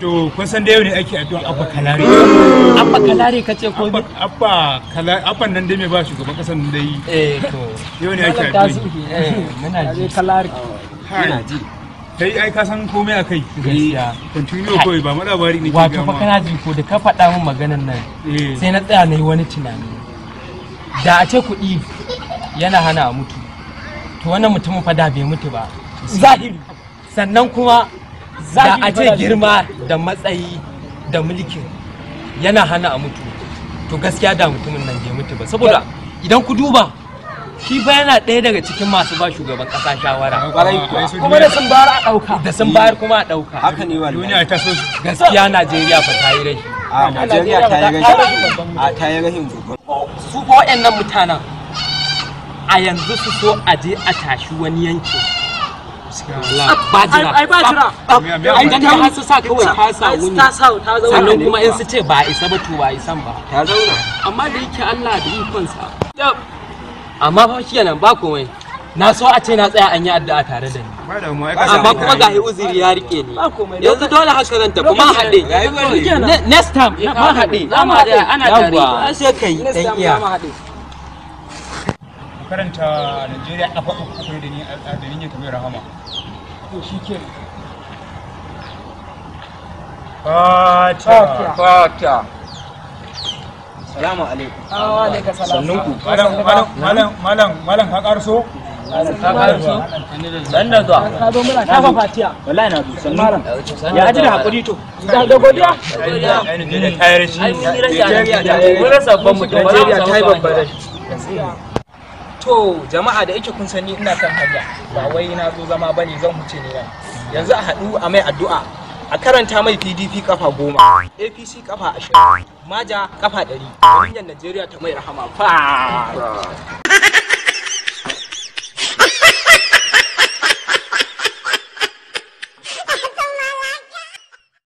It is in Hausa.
to kun san da yau ne ake addu'a abba kalare abba kalare ka ce ko abba kalare abba nan dai mai ba shugaban kasar nan dai eh to yau ne ake addu'a eh muna ji kalare muna ji kai ai ka san komai a kai gaskiya eh, continue ko ba madabari ne wato fa kana ji ko da ka faɗa min maganar nan eh. sai na tsaya nayi wani tunani da a ce kuɗi yana hana a mutu to wannan mutumin fa da bai mutu ba zahiri sannan kuma da a ce girma da matsayi da mulkin yana hana a mutu to gaskiya da mutumin nan bai mutu ba saboda idan ku duba shi ba yana ɗaya daga cikin masu ba shugaban ƙasa shawara ah, kuma da sun bayar a ɗauka da sun bayar kuma a ɗauka haka ne wallahi duniya ta so gaskiya Najeriya fa ta yi rashi a ah, Najeriya ta yi rashi a ah, ta yi rashi su ko waɗannan mutanen a yanzu su so a je a tashi wani yankin ba ba jira ai dan ta kawai ta sa sannan kuma in su ce ba isa ba to ba isan ba ta zauna amma da yake Allah da ikon sa amma fa nan ba komai na so a ce na tsaya an yi addu'a tare da ni amma kuma ga uziri ya rike ni yanzu dole haka zan tafi ma haɗe next time ma haɗe ana tare an kai dan iya karanta Najeriya a faɗin uku da ni da ni kamar rahama to shi ke fata fata salamu alaikum ah, wa alaikum ku malam malam malam malam ka karso zuwa fatiya wallahi na malam ya ji da hakuri to da da godiya ta yi rashi mun ta to jama'a da yake kun sani ina kan hanya ba wai na zo zama bane zan huce ne nan yanzu a haɗu a mai addu'a a karanta mai pdp kafa goma apc kafa ashirin maja kafa ɗari yarinyar najeriya ta mai rahama fa